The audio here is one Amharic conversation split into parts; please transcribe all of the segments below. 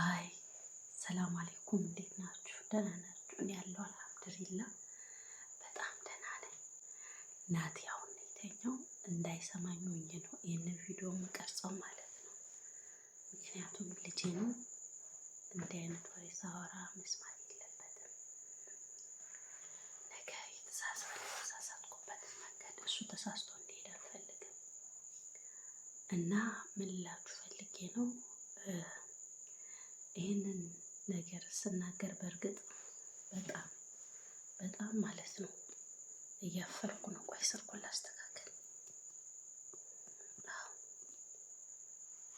ሀይ ሰላም አሌይኩም እንዴት ናችሁ? ደህና ናችሁ? እኔ ያለው አልሐምዱሊላ በጣም ደህና ነኝ። ናቲ አሁን የተኛው እንዳይሰማኝ ወኝ ነው ይህንን ቪዲዮ የምቀርጸው ማለት ነው። ምክንያቱም ልጄ ነው እንዲህ አይነት ወሬ ሳወራ መስማት የለበትም። ነገ መንገድ እሱ ተሳስቶ እንዲሄድ አልፈልግም እና ምን ላችሁ ፈልጌ ነው ይህንን ነገር ስናገር በእርግጥ በጣም በጣም ማለት ነው እያፈርኩ ነው። ቆይ ስልኩን ላስተካከል።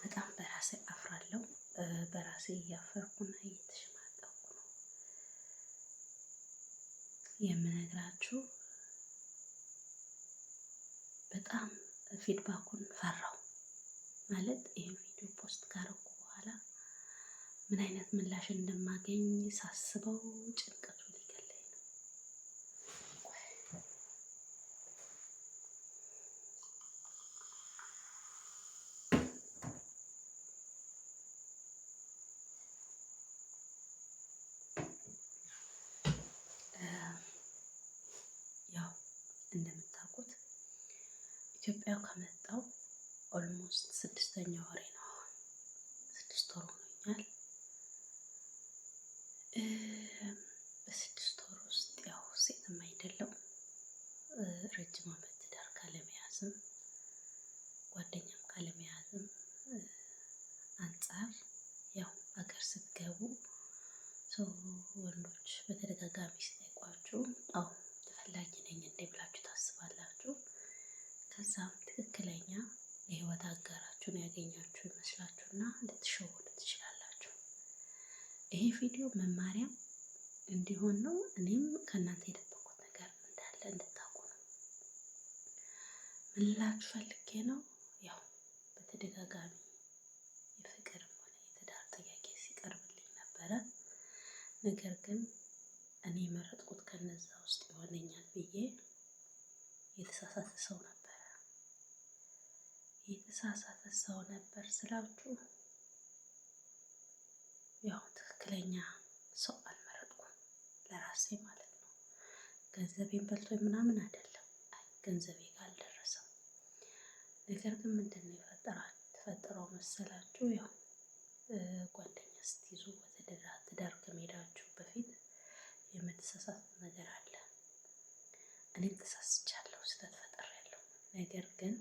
በጣም በራሴ አፍራለሁ። በራሴ እያፈርኩና እየተሸማቀኩ ነው የምነግራችሁ። በጣም ፊድባኩን ፈራው ማለት ይህን ቪዲዮ ፖስት ካረኩ ምን አይነት ምላሽ እንደማገኝ ሳስበው ጭንቀቱ ሊገለኝ ነው። ያው እንደምታውቁት ኢትዮጵያ ከመጣው ኦልሞስት ስድስተኛ ወሬ ነው። ስድስት ወር ስትገቡ ሰው ወንዶች በተደጋጋሚ ሲጠይቋችሁ አዎ ተፈላጊ ነኝ እንዴ ብላችሁ ታስባላችሁ። ከዛም ትክክለኛ የህይወት አጋራችሁን ያገኛችሁ ይመስላችሁና ልትሸወዱ ትችላላችሁ። ይሄ ቪዲዮ መማሪያ እንዲሆን ነው። እኔም ከእናንተ የደበቁት ነገር እንዳለ እንድታውቁ ነው። ምን ላችሁ ፈልጌ ነው ያው በተደጋጋሚ ነገር ግን እኔ የመረጥኩት ከነዛ ውስጥ ይሆነኛል ብዬ የተሳሳተ ሰው ነበረ። የተሳሳተ ሰው ነበር ስላችሁ ያው ትክክለኛ ሰው አልመረጥኩም ለራሴ ማለት ነው። ገንዘቤን በልቶ ምናምን አይደለም፣ ገንዘቤ ጋር አልደረሰም። ነገር ግን ምንድን ነው የፈጠረው መሰላችሁ ያው ጓደኛ ስትይዙ በተደራ የምንሳሳት ነገር አለ። እኔ ተሳስቻለሁ፣ ስህተት ፈጥሬያለሁ። ነገር ግን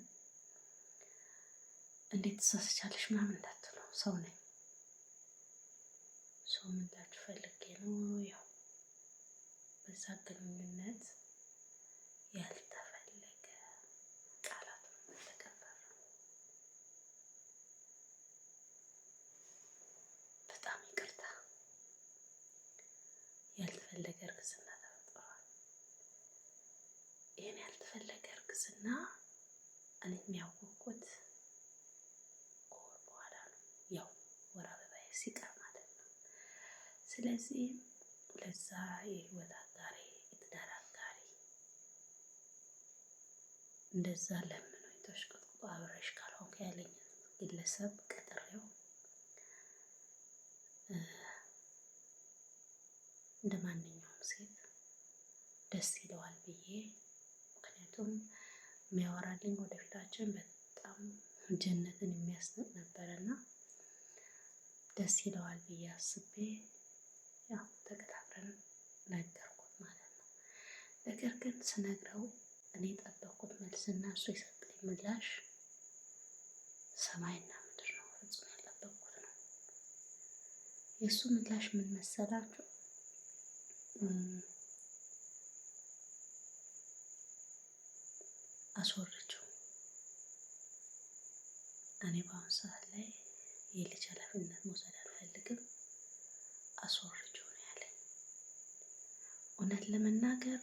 እንዴት ተሳስቻለሽ ምናምን እንዳትሉ ሰው ነኝ። ሰው ምንላችሁ ፈልጌ ነው ያው በዛ ግንኙነት ያል ያልተፈለገ እርግዝና ተፈጥሯል። ይህን ያልተፈለገ እርግዝና እኔ የሚያወቁት ከወር በኋላ ነው፣ ያው ወር አበባዬ ሲቀር ማለት ነው። ስለዚህ ለዛ የህይወት አጋሪ የትዳር አጋሪ እንደዛ ለምኖኝ ተሽቀጥቅጦ አብረሽ ካልሆንክ ያለኝ ግለሰብ እንደ ማንኛውም ሴት ደስ ይለዋል ብዬ ምክንያቱም የሚያወራልኝ ወደፊታችን በጣም ጀነትን ነበረ ነበረና ደስ ይለዋል ብዬ አስቤ ያው ተቀጣጥረን ነገርኩት ማለት ነው። ነገር ግን ስነግረው እኔ የጠበቅኩት እና እሱ የሰጠኝ ምላሽ ሰማይና ምድር ነው። ፍጹም ያልጠበቅኩት ነው። የእሱ ምላሽ ምን መሰላችሁ? አስወረችው። እኔ በአሁኑ ሰዓት ላይ የልጅ ኃላፊነት መውሰድ አልፈልግም፣ አስወረችው ነው ያለኝ። እውነት ለመናገር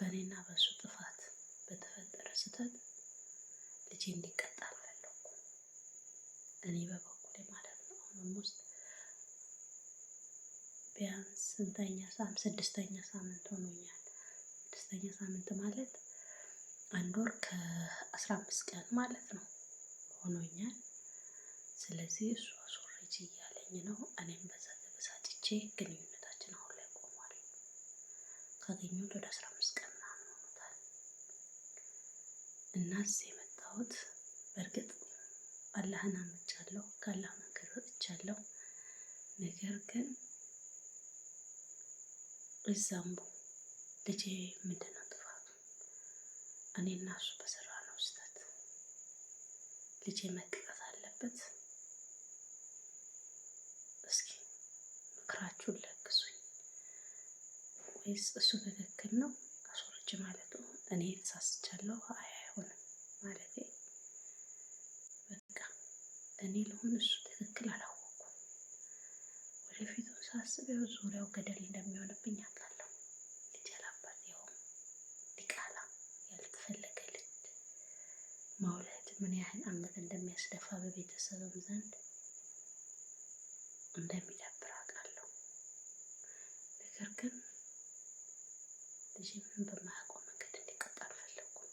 በእኔና በእሱ ጥፋት በተፈጠረ ስህተት ልጄ እንዲቀጣ አልፈለኩ። እኔ በበኩሌ ማለት ነው አሁንም ውስጥ ቢያንስ ስንተኛ ሳምንት ስድስተኛ ሳምንት ሆኖኛል። ስድስተኛ ሳምንት ማለት አንድ ወር ከአስራ አምስት ቀን ማለት ነው ሆኖኛል። ስለዚህ እሱ አስወረጅ እያለኝ ነው። እኔም በዛ ተበሳጭቼ ግንኙነታችን አሁን ላይ ቆሟል። ካገኘሁት ወደ አስራ አምስት ቀን ምናምን ሆኖታል እና እዚህ የመጣሁት በእርግጥ አላህን አምቻለሁ፣ ከአላህ መንገድ ወጥቻለሁ። ነገር ግን እዛም ልጄ ምንድን ነው ጥፋቱ? እኔ እና እሱ በሰራ ነው ስህተት ልጄ መቀጣት አለበት። እስኪ ምክራችሁን ለግሱኝ። ወይስ እሱ ትክክል ነው አስወርጅ ማለቱ እኔ ተሳስቻለሁ አይ አይሆንም ማለቴ በቃ እኔ ልሆን እሱ ትክክል አላሁ ሳስበው ዙሪያው ገደል እንደሚሆንብኝ አውቃለሁ። ልጅ ያላባት ያውም ዲቃላ ያልተፈለገ ልጅ መውለድ ምን ያህል አንገት እንደሚያስደፋ በቤተሰብም ዘንድ እንደሚደብር አውቃለሁ። ነገር ግን ልጅ ምን በማያውቀው መንገድ እንዲቀጣ አልፈለኩም።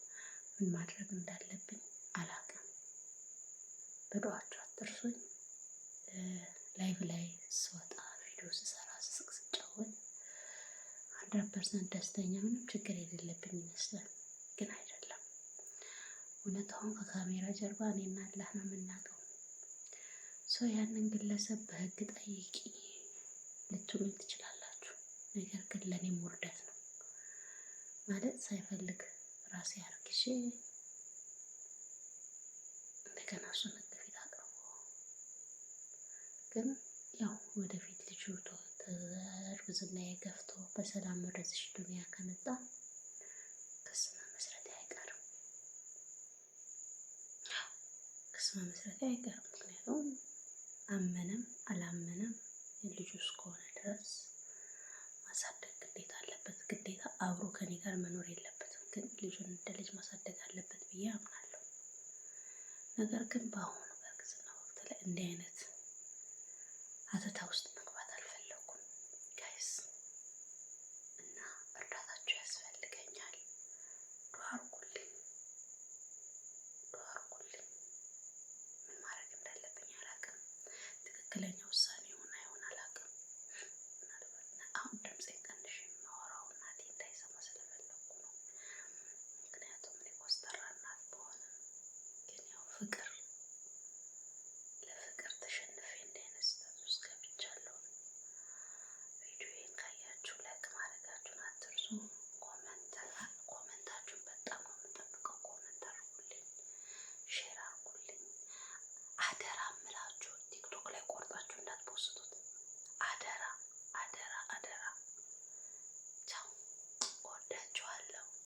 ምን ማድረግ እንዳለብኝ አላውቅም። በዱዓችሁ አትርሱኝ። ላይቭ ላይ ስወጣ አብሬው ስሰራ፣ ስስቅ፣ ስጫወት ሀንድረድ ፐርሰንት ደስተኛ ምንም ችግር የሌለብኝ ይመስላል፣ ግን አይደለም። እውነታውን ከካሜራ ጀርባ እኔና አላህ ነው የምናውቀው። ሰው ያንን ግለሰብ በህግ ጠይቂ ልትሉ ትችላላችሁ። ነገር ግን ለእኔም ውርደት ነው ማለት ሳይፈልግ ራሴ አርግዤ እንደገና እሱን ህግ ፊት አቅርቦ ግን ያው ወደፊት ልጁ እርግዝናዬ ገፍቶ በሰላም ወደዚች ዱኒያ ከመጣ ክስ መመስረት አይቀርም። ክስ መመስረት አይቀርም። ምክንያቱም አመነም አላመነም ልጁ እስከሆነ ድረስ ማሳደግ ግዴታ አለበት። ግዴታ አብሮ ከኔ ጋር መኖር የለበትም፣ ግን ልጁን እንደ ልጅ ማሳደግ አለበት ብዬ አምናለሁ። ነገር ግን በአሁኑ በእርግዝና ወቅት ላይ እንዲህ አይነት